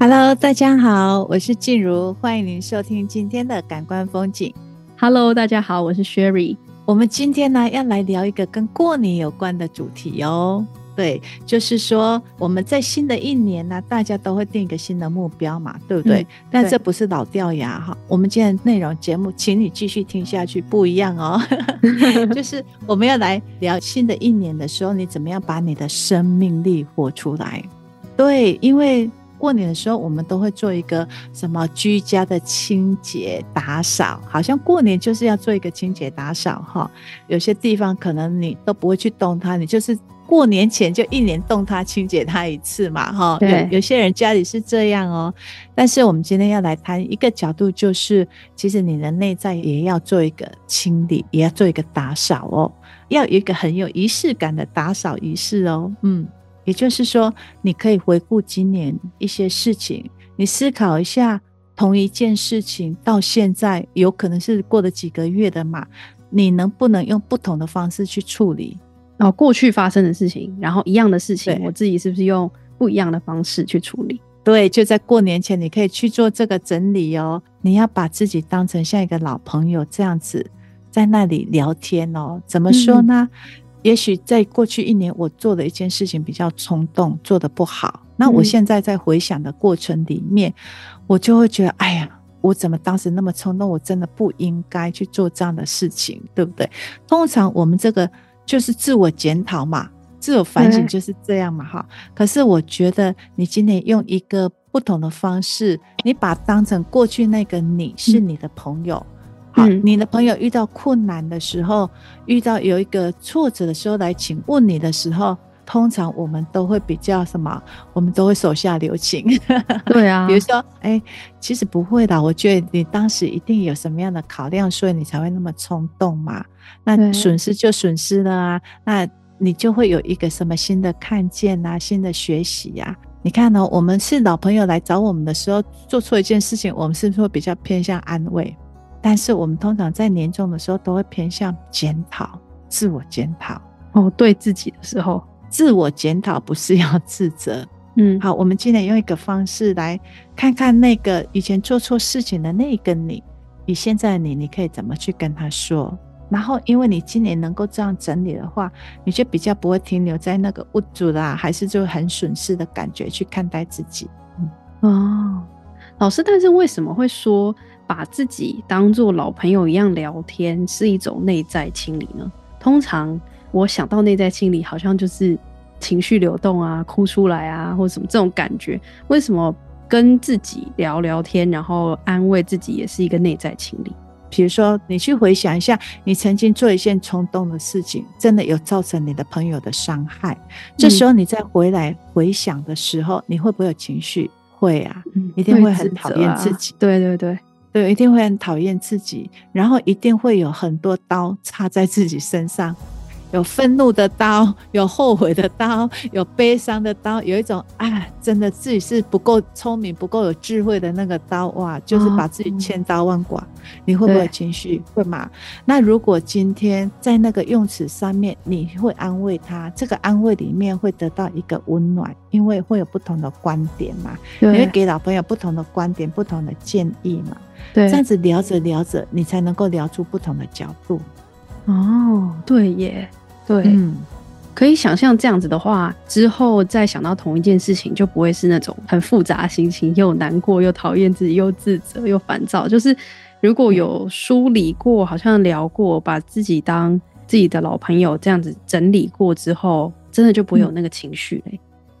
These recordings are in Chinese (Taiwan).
Hello，大家好，我是靜如，歡迎您收聽今天的感官風景。Hello，大家好，我是 Sherry，我們今天呢要來聊一個跟過年有關的主題喲、哦。對，就是說我們在新的一年呢、啊，大家都會定一個新的目標嘛，對不對？嗯、但這不是老掉牙哈。我們今天的內容節目，請你繼續聽下去，不一樣哦。 就是我們要來聊 新的一年的時候，你怎麼樣把你的生命力活出來？對，因為過年的時候，我們都會做一個什麼居家的清潔打掃，好像過年就是要做一個清潔打掃哈。有些地方可能你都不會去動它，你就是。過年前就一年動它，清潔它一次嘛，哈。對，有些人家裡是這樣哦。但是我們今天要來談一個角度，就是其實你的內在也要做一個清理，也要做一個打掃哦，要有一個很有儀式感的打掃儀式哦。嗯，也就是說，你可以回顧今年一些事情，你思考一下同一件事情到現在有可能是過了幾個月的嘛，你能不能用不同的方式去處理？然後過去發生的事情，然後一樣的事情，我自己是不是用不一樣的方式去處理？對，就在過年前，你可以去做這個整理哦。你要把自己當成像一個老朋友這樣子，在那裡聊天哦。怎麼說呢？嗯、也許在過去一年，我做的一件事情比較衝動，做得不好。那我現在在回想的過程裡面、嗯，我就會覺得，哎呀，我怎麼當時那麼衝動？我真的不應該去做這樣的事情，對不對？通常我們這個。就是自我檢討嘛，自我反省就是這樣嘛，哈、嗯。可是我覺得你今天用一個不同的方式，你把它當成過去那個你是你的朋友，嗯、好，你的朋友遇到困難的時候，遇到有一個挫折的時候來請問你的時候。通常我們都會比較什麼？我們都會手下留情， 對啊。比如說，哎、欸，其實不會的。我覺得你當時一定有什麼樣的考量，所以你才會那麼衝動嘛。那損失就損失了啊。那你就會有一個什麼新的看見啊，新的學習呀、啊。你看呢、喔？我們是老朋友來找我們的時候，做錯一件事情，我們是不是會比較偏向安慰？但是我們通常在年終的時候，都會偏向檢討，自我檢討。哦，對自己的時候。自我檢討不是要自責，嗯，好，我們今天用一個方式來看看那個以前做錯事情的那一個你，與現在的你，你可以怎麼去跟他說？然後，因為你今年能夠這樣整理的話，你就比較不會停留在那個無助啦，還是就很損失的感覺去看待自己。嗯，哦，老師，但是為什麼會說把自己當做老朋友一樣聊天是一種內在清理呢？通常。我想到內在清理，好像就是情緒流動啊，哭出來啊，或者什麼這種感覺。為什麼跟自己聊聊天，然後安慰自己，也是一個內在清理？比如說，你去回想一下，你曾經做一件衝動的事情，真的有造成你的朋友的傷害。這時候你再回來回想的時候，你會不會有情緒？會啊、嗯，一定會很討厭自己自責啊。對對對，對，一定會很討厭自己，然後一定會有很多刀插在自己身上。有憤怒的刀，有後悔的刀，有悲傷的刀，有一種啊，真的自己是不夠聰明、不夠有智慧的那個刀哇，就是把自己千刀萬剮、哦，你會不會有情緒？會嗎？那如果今天在那個用詞上面，你會安慰他，這個安慰裡面會得到一個溫暖，因為會有不同的觀點嘛，你會給老朋友不同的觀點、不同的建議嘛。對，這樣子聊着聊着，你才能夠聊出不同的角度。哦，對耶，對，嗯，可以想象這樣子的話，之後再想到同一件事情，就不會是那種很複雜的心情，又難過又討厭自己，又自責又煩躁。就是如果有梳理過，好像聊過，把自己當自己的老朋友這樣子整理過之後，真的就不會有那個情緒嘞。嗯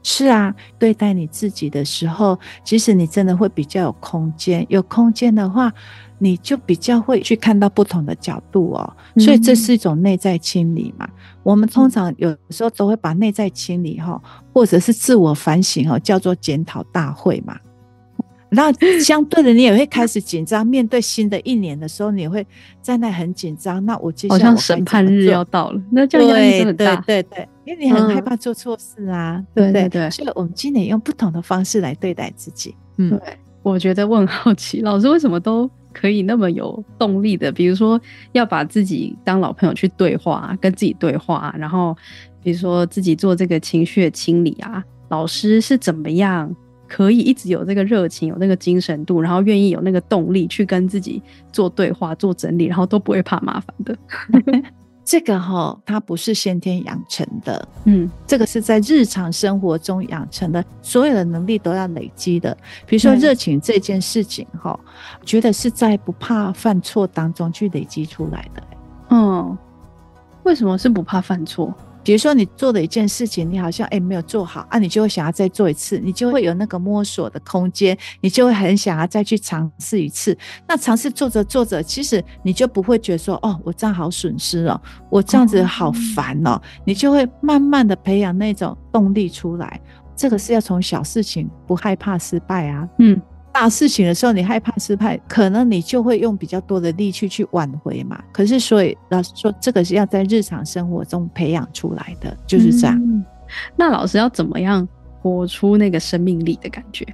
是啊，對待你自己的時候，其實你真的會比較有空間，有空間的話，你就比較會去看到不同的角度哦。所以這是一種內在清理嘛。我們通常有時候都會把內在清理哈、哦，或者是自我反省哦，叫做檢討大會嘛。那相對的，你也會開始緊張。 面對新的一年的時候，你會在那很緊張。 那我就好像審判日要到了，那這樣壓力對,對對對，因為你很害怕做錯事啊、嗯。對對對。對所以，我們今年用不同的方式來對待自己。嗯，對。我覺得我很好奇老師為什麼都可以那麼有動力的？比如說要把自己當老朋友去對話、啊，跟自己對話、啊，然後比如說自己做這個情緒的清理啊。老師是怎麼樣？可以一直有這個熱情，有那個精神度，然後願意有那個動力去跟自己做對話、做整理，然後都不會怕麻煩的。 這個哈、哦，它不是先天養成的，嗯，這個是在日常生活中養成的，所有的能力都要累積的。比如說熱情這件事情、哦，哈、嗯，覺得是在不怕犯錯當中去累積出來的。嗯，為什麼是不怕犯錯？比如說，你做的一件事情，你好像誒、欸、沒有做好啊，你就會想要再做一次，你就會有那個摸索的空間，你就會很想要再去嘗試一次。那嘗試做着做着，其實你就不會覺得說，哦，我這樣好損失哦，我這樣子好煩哦、嗯，你就會慢慢的培養那種動力出來。這個是要從小事情，不害怕失敗啊，嗯。大事情的時候，你害怕失敗，可能你就會用比較多的力氣去挽回嘛。可是，所以老師說，這個是要在日常生活中培養出來的，就是這樣、嗯。那老師要怎麼樣活出那個生命力的感覺？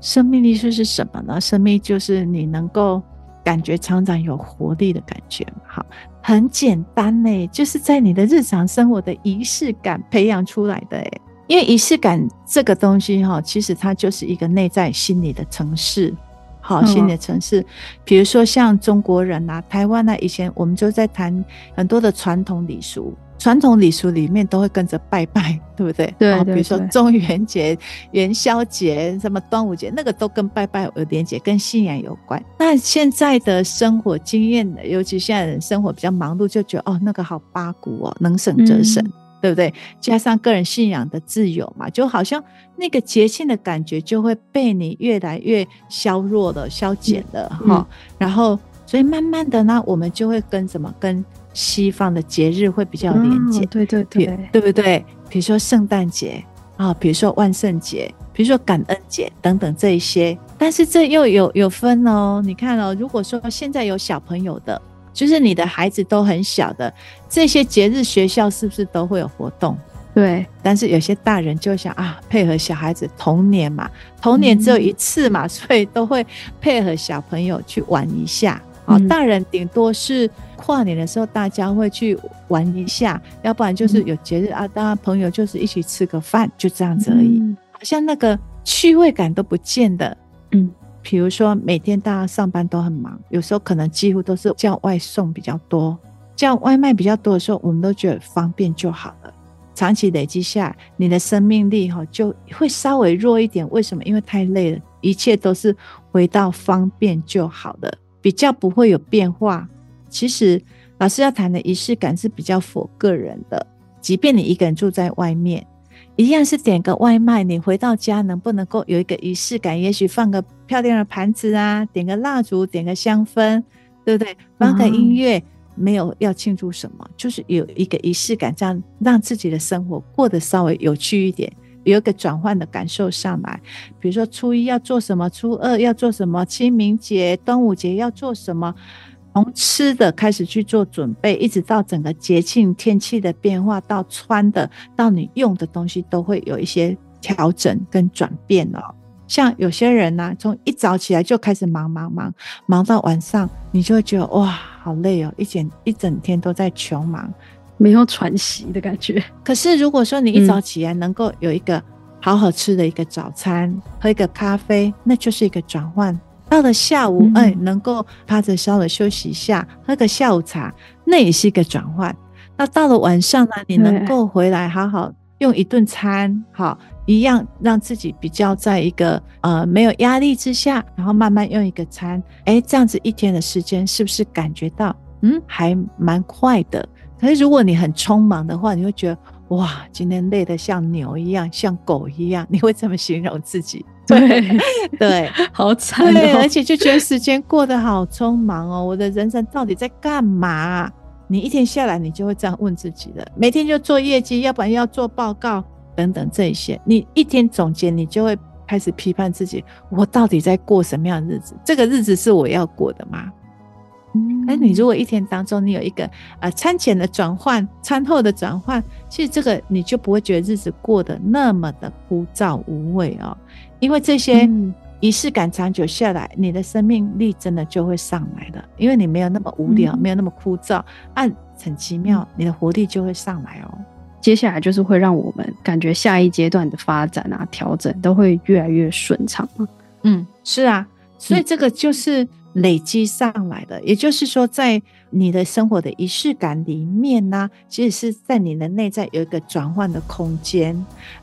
生命力是是什麼呢？生命力就是你能夠感覺常常有活力的感覺。好，很簡單嘞、欸，就是在你的日常生活的儀式感培養出來的、欸因為儀式感這個東西哈，其實它就是一個內在心理的城市，好心理的城市、嗯哦。比如說像中國人吶、啊，台灣呢、啊，以前我們就在談很多的傳統禮俗，傳統禮俗裡面都會跟着拜拜，對不對？對，對，對。比如說中元節、元宵節、什麼端午節，那個都跟拜拜有連結，跟信仰有關。那現在的生活經驗，尤其現在人生活比較忙碌，就覺得哦，那個好八股哦，能省則省。嗯。對不對？加上個人信仰的自由嘛，就好像那個節慶的感覺就會被你越來越削弱了、消減了哈、嗯哦嗯。然後，所以慢慢的呢，我們就會跟什麼跟西方的節日會比較連接，哦、對對對，對不對？比如說聖誕節啊、哦，比如說萬聖節，比如說感恩節等等這一些。但是這又有有分哦，你看哦，如果說現在有小朋友的。就是你的孩子都很小的，這些節日學校是不是都會有活動？對，但是有些大人就想啊，配合小孩子童年嘛，童年只有一次嘛、嗯，所以都會配合小朋友去玩一下啊、嗯。大人頂多是跨年的時候大家會去玩一下，要不然就是有節日、嗯、啊，當然朋友就是一起吃個飯，就這樣子而已、嗯，好像那個趣味感都不見的。嗯。比如說，每天大家上班都很忙，有時候可能幾乎都是叫外送比較多，叫外賣比較多的時候，我們都覺得方便就好了。長期累積下，你的生命力哈就會稍微弱一點。為什麼？因為太累了，一切都是回到方便就好了，比較不會有變化。其實，老師要談的儀式感是比較符合個人的，即便你一個人住在外面。一樣是點個外賣，你回到家能不能夠有一個儀式感？也許放個漂亮的盤子啊，點個蠟燭，點個香氛，對不對？放個音樂，哦，沒有要慶祝什麼，就是有一個儀式感，這樣讓自己的生活過得稍微有趣一點，有一個轉換的感受上來。比如說初一要做什麼，初二要做什麼，清明節、端午節要做什麼。從吃的開始去做準備，一直到整個節慶天氣的變化，到穿的，到你用的東西，都會有一些調整跟轉變哦、喔。像有些人呢、啊，從一早起來就開始忙忙忙，忙到晚上，你就會覺得哇，好累哦、喔，一整一整天都在窮忙，沒有喘息的感覺。可是如果說你一早起來能夠有一個好好吃的一個早餐，嗯、喝一個咖啡，那就是一個轉換。到了下午，嗯、欸，能夠趴着稍微休息一下、嗯，喝個下午茶，那也是一個轉換。那到了晚上呢、啊，你能夠回來好好用一頓餐，好，一樣讓自己比較在一個呃沒有壓力之下，然後慢慢用一個餐。哎、欸，這樣子一天的時間是不是感覺到嗯還蠻快的？可是如果你很匆忙的話，你會覺得。哇，今天累得像牛一樣，像狗一樣，你會怎麼形容自己？對，對， 對，好慘哦。對，而且就覺得時間過得好匆忙哦。我的人生到底在幹嘛？你一天下來，你就會這樣問自己的。每天就做業績，要不然要做報告等等這一些。你一天總結，你就會開始批判自己：我到底在過什麼樣的日子？這個日子是我要過的嗎？誒，你如果一天當中，你有一個呃餐前的轉換，餐後的轉換，其實這個你就不會覺得日子過得那麼的枯燥無味哦、喔。因為這些儀式感長久下來、嗯，你的生命力真的就會上來的，因為你沒有那麼無聊，嗯、沒有那麼枯燥按、啊、很奇妙、嗯，你的活力就會上來哦、喔。接下來就是會讓我們感覺下一階段的發展啊，調整都會越來越順暢，嗯，是啊，所以這個就是。嗯累積上來的，也就是說，在你的生活的儀式感裡面呢、啊，其實是在你的內在有一個轉換的空間。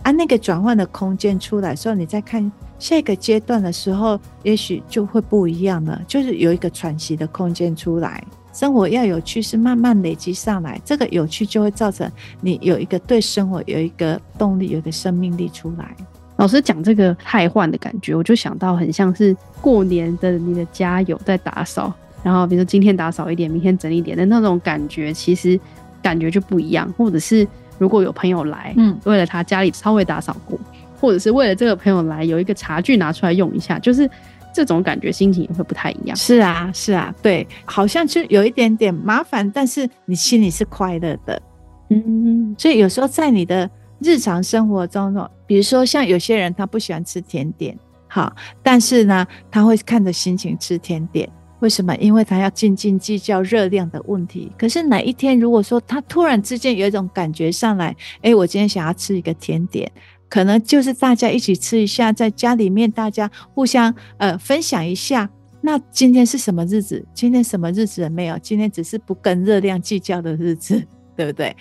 按、啊、那個轉換的空間出來，所以你再看下一個階段的時候，也許就會不一樣了。就是有一個喘息的空間出來，生活要有趣，是慢慢累積上來，這個有趣就會造成你有一個對生活有一個動力，有一個生命力出來。老師講這個汰換的感覺，我就想到很像是過年的你的家有在打掃，然後比如說今天打掃一點，明天整理一點的那種感覺，其實感覺就不一樣。或者是如果有朋友來，嗯，為了他家裡稍微打掃過、嗯，或者是為了這個朋友來有一個茶具拿出來用一下，就是這種感覺，心情也會不太一樣。是啊，是啊，對，好像就有一點點麻煩，但是你心裡是快樂的，嗯，嗯，嗯，所以有時候在你的。日常生活中，比如說像有些人他不喜歡吃甜點，好，但是呢，他會看着心情吃甜點。為什麼？因為他要斤斤計較熱量的問題。可是哪一天如果說他突然之間有一種感覺上來，哎、欸，我今天想要吃一個甜點，可能就是大家一起吃一下，在家裡面大家互相呃、分享一下。那今天是什麼日子？今天什麼日子也沒有？今天只是不跟熱量計較的日子。對不對？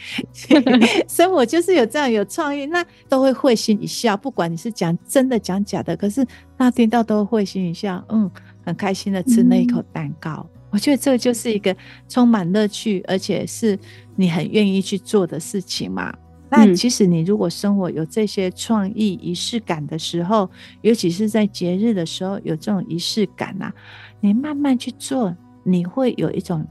所以，我就是有這樣有創意，那都會會心一笑。不管你是講真的講假的，可是那聽到都會心一笑，嗯，很開心的吃那一口蛋糕、嗯。我覺得這就是一個充滿樂趣，而且是你很願意去做的事情嘛。那其實，你如果生活有這些創意儀式感的時候，嗯、尤其是在節日的時候有這種儀式感啊，你慢慢去做，你會有一種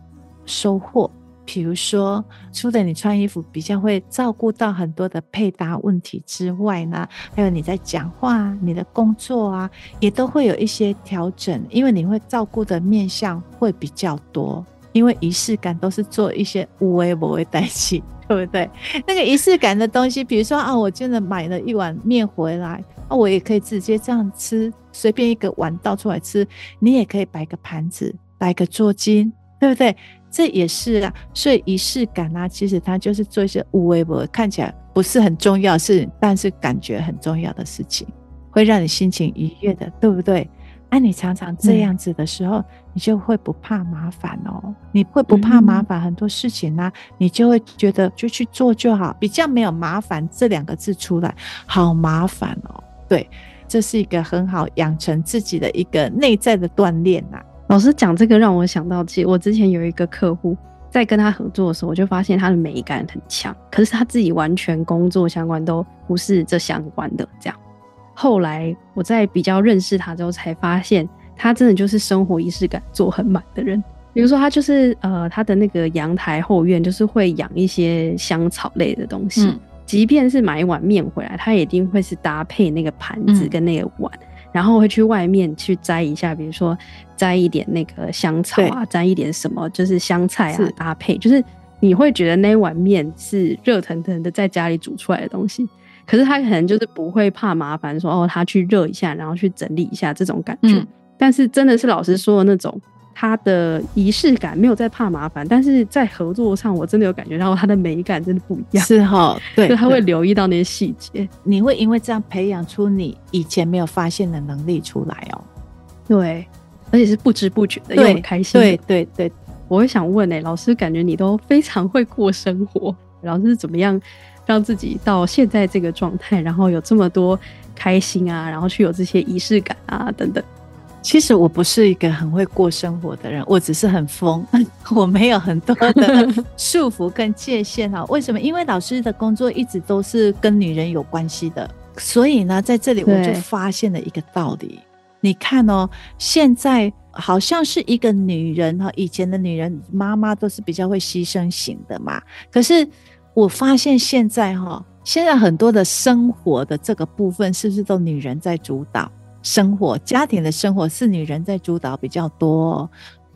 收穫。比如說，除了你穿衣服比較會照顧到很多的配搭問題之外呢，還有你在講話、啊、你的工作啊，也都會有一些調整，因為你會照顧的面向會比較多。因為儀式感都是做一些有的沒的的事對不對？那個儀式感的東西，比如說啊、哦，我真的買了一碗麵回來啊、哦，我也可以直接這樣吃，隨便一個碗倒出來吃。你也可以擺個盤子，擺個桌巾，對不對？這也是啊，所以儀式感啦、啊。其實它就是做一些有的沒的看起來不是很重要，是但是感覺很重要的事情，會讓你心情愉悅的，對不對？那、啊、你常常這樣子的時候、嗯，你就會不怕麻煩哦，你會不怕麻煩，很多事情呢、啊嗯，你就會覺得就去做就好，比較沒有麻煩這兩個字出來，好麻煩哦，對，這是一個很好養成自己的一個內在的鍛鍊啊。老師講這個讓我想到，其實我之前有一個客戶，在跟他合作的時候，我就發現他的美感很強，可是他自己完全工作相關都不是這相關的這樣。後來我在比較認識他之後，才發現他真的就是生活儀式感做很滿的人。比如說他就是呃，他的那個陽台後院就是會養一些香草類的東西，嗯、即便是買一碗麵回來，他也一定會是搭配那個盤子跟那個碗。嗯然後會去外面去摘一下，比如說摘一點那個香草啊，摘一點什麼，就是香菜啊，搭配。就是你會覺得那碗麵是熱騰騰的，在家裡煮出來的東西，可是他可能就是不會怕麻煩說，說哦，他去熱一下，然後去整理一下這種感覺，嗯。但是真的是老師說的那種。他的儀式感沒有在怕麻煩，但是在合作上，我真的有感覺到他的美感真的不一樣，是哈、哦，對，對，他會留意到那些細節，你會因為這樣培養出你以前沒有發現的能力出來哦，對，而且是不知不覺的，也很開心，對對對，對，我會想問哎、欸，老師感覺你都非常會過生活，老師是怎麼樣讓自己到現在這個狀態，然後有這麼多開心啊，然後去有這些儀式感啊等等？其實我不是一個很會過生活的人，我只是很瘋，我沒有很多的束縛跟界限哈。 為什麼？因為老師的工作一直都是跟女人有關係的，所以呢，在這裡我就發現了一個道理。你看哦，現在好像是一個女人哈，以前的女人媽媽都是比較會犧牲型的嘛。可是我發現現在哈，現在很多的生活的這個部分，是不是都女人在主導？生活家庭的生活是女人在主導比較多喔，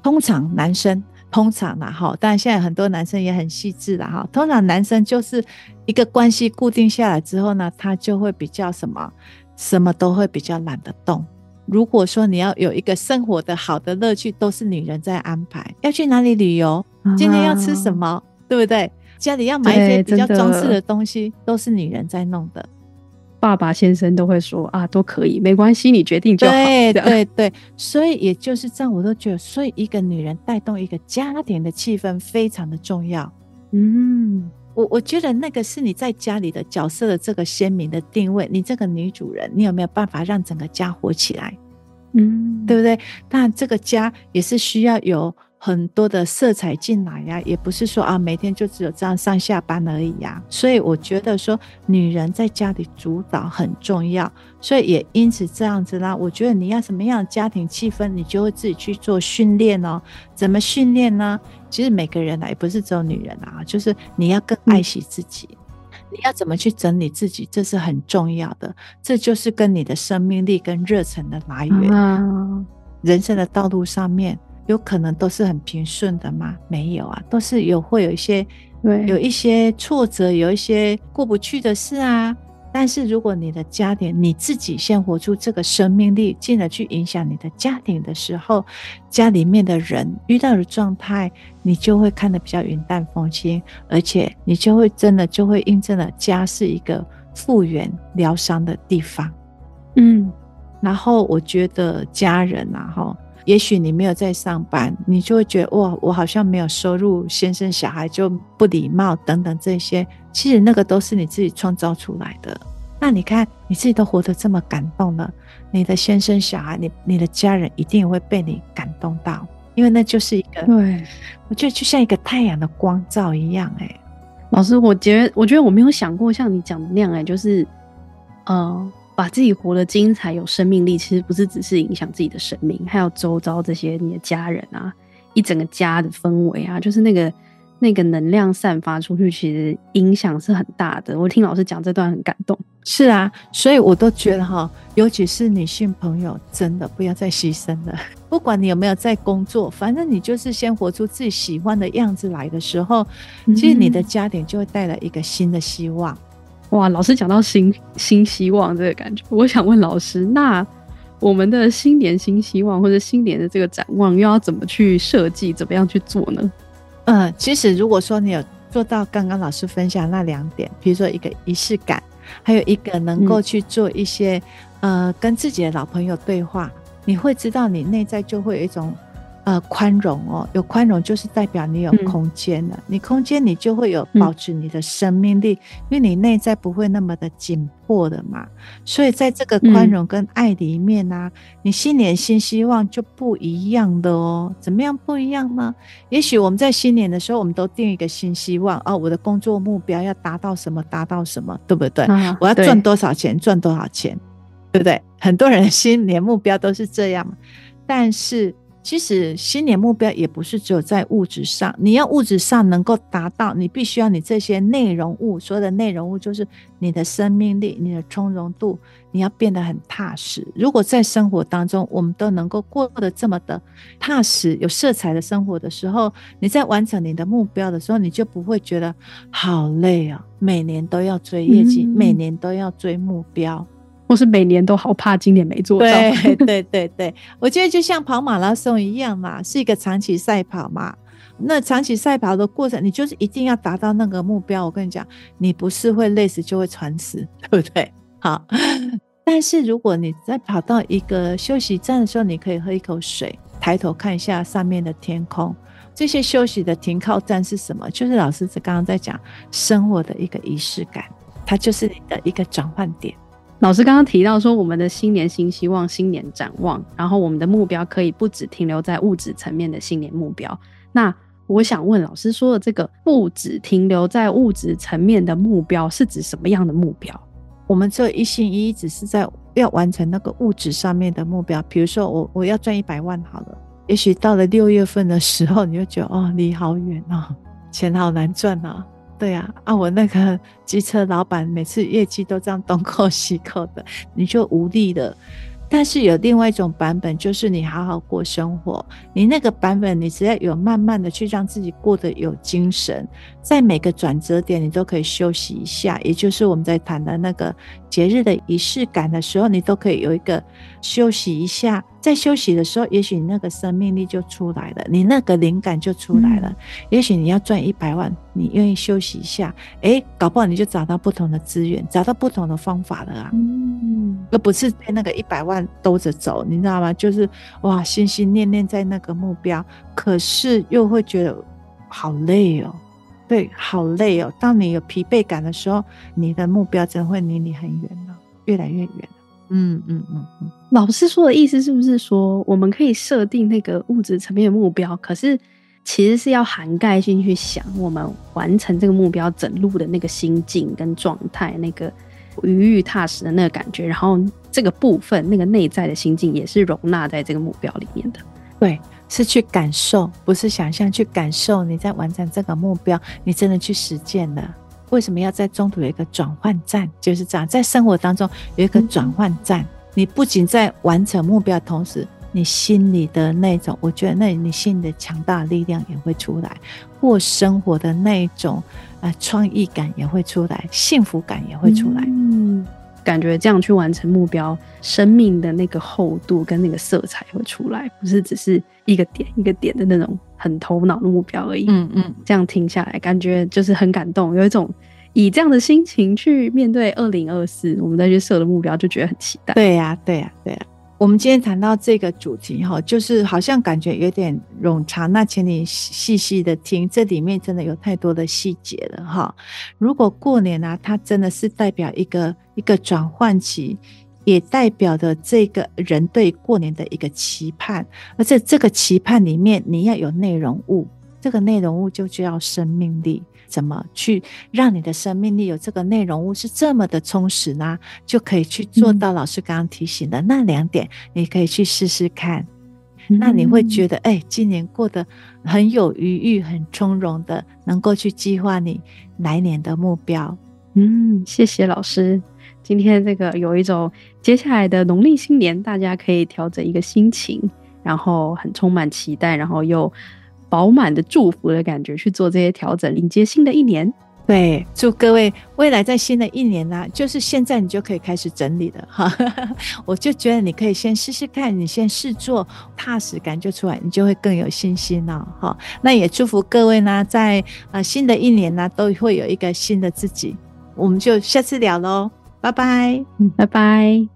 通常男生通常啦哈，但現在很多男生也很細致啦哈。通常男生就是一個關係固定下來之後呢，他就會比較什麼，什麼都會比較懶得動。如果說你要有一個生活的好的樂趣，都是女人在安排，要去哪裡旅遊？啊，今天要吃什麼，對不對？家裡要買一些比較裝飾的東西的，都是女人在弄的。爸爸先生都會說啊，都可以，沒關係，你決定就好。對對對，所以也就是這樣，我都覺得，所以一個女人帶動一個家庭的氣氛非常的重要。嗯，我我覺得那個是你在家裡的角色的這個鮮明的定位，你這個女主人，你有沒有辦法讓整個家活起來？嗯，對不對？那這個家也是需要有。很多的色彩進來呀、啊，也不是說啊，每天就只有這樣上下班而已呀、啊。所以我覺得說，女人在家裡主導很重要。所以也因此這樣子啦，我覺得你要什麼樣的家庭氣氛，你就會自己去做訓練哦。怎麼訓練呢？其實每個人、啊、也不是只有女人啊，就是你要更愛惜自己、嗯，你要怎麼去整理自己，這是很重要的。這就是跟你的生命力跟熱忱的來源、啊。人生的道路上面有可能都是很平順的嗎？沒有啊，都是有會有一些，對，有一些挫折，有一些過不去的事啊。但是如果你的家庭，你自己先活出這個生命力，進而去影響你的家庭的時候，家裡面的人遇到的狀態，你就會看得比較雲淡風輕，而且你就會真的就會印證了家是一個復原療傷的地方。嗯，然後我覺得家人啊，哈。也許你沒有在上班，你就會覺得哇，我好像沒有收入，先生小孩就不禮貌等等這些。其實那個都是你自己創造出來的。那你看你自己都活得這麼感動了，你的先生小孩，你你的家人一定也會被你感動到，因為那就是一個。對，我覺得就像一個太陽的光照一樣，欸。誒，嗯，老師，我覺得我覺得我沒有想過像你講的那樣，欸，誒，就是，嗯。把自己活得精彩，有生命力，其實不是只是影響自己的生命，還有周遭這些你的家人啊，一整個家的氛圍啊，就是那個那個能量散發出去，其實影響是很大的。我聽老師講這段很感動。是啊，所以我都覺得哈，尤其是女性朋友，真的不要再犧牲了。不管你有沒有在工作，反正你就是先活出自己喜歡的樣子來的時候，其實你的家庭就會帶來一個新的希望。哇，老師講到新新希望這個感覺，我想問老師，那我們的新年新希望或者新年的這個展望又要怎麼去設計，怎麼樣去做呢？嗯，其實如果說你有做到剛剛老師分享那兩點，比如說一個儀式感，還有一個能夠去做一些、嗯、呃跟自己的老朋友對話，你會知道你內在就會有一種。呃，寬容哦，有寬容就是代表你有空間了、嗯，你空間你就會有保持你的生命力，嗯、因為你內在不會那麼的緊迫的嘛。所以在這個寬容跟愛裡面呢、啊嗯，你新年新希望就不一樣的哦。怎麼樣不一樣呢？也許我們在新年的時候，我們都定一個新希望哦，我的工作目標要達到什麼，達到什麼，對不對？啊、對，我要賺多少錢，賺多少錢，對不對？很多人的新年目標都是這樣，但是。其實新年目標也不是只有在物質上，你要物質上能夠達到，你必須要你這些內容物，所有的內容物就是你的生命力、你的從容度，你要變得很踏實。如果在生活當中我們都能夠過得這麼的踏實、有色彩的生活的時候，你在完成你的目標的時候，你就不會覺得好累啊、喔！每年都要追業績、嗯嗯，每年都要追目標。我是每年都好怕，今年沒做到，對。 對。對對對對，我覺得就像跑馬拉松一樣嘛，是一個長期賽跑嘛。那長期賽跑的過程，你就是一定要達到那個目標。我跟你講，你不是會累死就會喘死，對不對？好，但是如果你在跑到一個休息站的時候，你可以喝一口水，抬頭看一下上面的天空。這些休息的停靠站是什麼？就是老師剛剛在講生活的一個儀式感，它就是你的一個轉換點。老師剛剛提到說，我們的新年新希望，新年展望，然後我們的目標可以不只停留在物質層面的新年目標。那我想問老師，說的這個不只停留在物質層面的目標，是指什麼樣的目標？我們這一心一意只是在要完成那個物質上面的目標，比如說我我要賺一百萬好了，也許到了六月份的時候，你就覺得哦，離好遠啊，錢好難賺啊。對啊，啊，我那個機車老闆每次業績都這樣東扣西扣的，你就無力了。但是有另外一種版本，就是你好好過生活，你那個版本，你只要有慢慢的去讓自己過得有精神。在每個轉折點，你都可以休息一下，也就是我們在談的那個節日的儀式感的時候，你都可以有一個休息一下。在休息的時候，也許那個生命力就出來了，你那個靈感就出來了。嗯、也許你要賺一百萬，你願意休息一下，誒、欸，搞不好你就找到不同的資源，找到不同的方法了啊。嗯，而不是被那個一百萬兜着走，你知道嗎？就是哇，心心念念在那個目標，可是又會覺得好累哦、喔。對，好累哦。當你有疲憊感的時候，你的目標真會離你很遠了，越來越遠。嗯嗯嗯嗯。老師說的意思是不是說，我們可以設定那個物質層面的目標，可是其實是要涵蓋進去想我們完成這個目標整路的那個心境跟狀態，那個愉悅踏實的那個感覺，然後這個部分那個內在的心境也是容納在這個目標裡面的。對。是去感受，不是想象。去感受你在完成這個目標，你真的去實踐了。為什麼要在中途有一個轉換站？就是這樣，在生活當中有一個轉換站。嗯，你不僅在完成目標的同時，你心裡的那種，我覺得那你心裡的強大的力量也會出來，過生活的那種，呃，創意感也會出來，幸福感也會出來。嗯感覺這樣去完成目標，生命的那個厚度跟那個色彩會出來，不是只是一個點一個點的那種很頭腦的目標而已。嗯嗯，這樣聽下來，感覺就是很感動，有一種以這樣的心情去面對二零二四，我們再去設的目標，就覺得很期待。對呀，對呀，對呀。我們今天談到這個主題哈，就是好像感覺有點冗長，那請你細細的聽，這裡面真的有太多的細節了哈。如果過年啊，它真的是代表一個。一個轉換期，也代表着這個人對過年的一個期盼，而且這個期盼裡面你要有內容物，這個內容物就叫生命力。怎麼去讓你的生命力有這個內容物是這麼的充實呢？就可以去做到老師剛剛提醒的、嗯、那兩點，你可以去試試看。嗯、那你會覺得，哎、欸，今年過得很有餘裕，裕，很從容的，能夠去計劃你來年的目標。嗯，謝謝老師。今天這個有一種接下來的農曆新年，大家可以調整一個心情，然後很充滿期待，然後又飽滿的祝福的感覺去做這些調整，迎接新的一年。對，祝各位未來在新的一年呢、啊，就是現在你就可以開始整理了哈。我就覺得你可以先試試看，你先試做踏實感覺出來，你就會更有信心了、哦、哈。那也祝福各位呢、啊，在啊、呃、新的一年呢、啊，都會有一個新的自己。我們就下次聊嘍。拜拜，嗯，拜拜。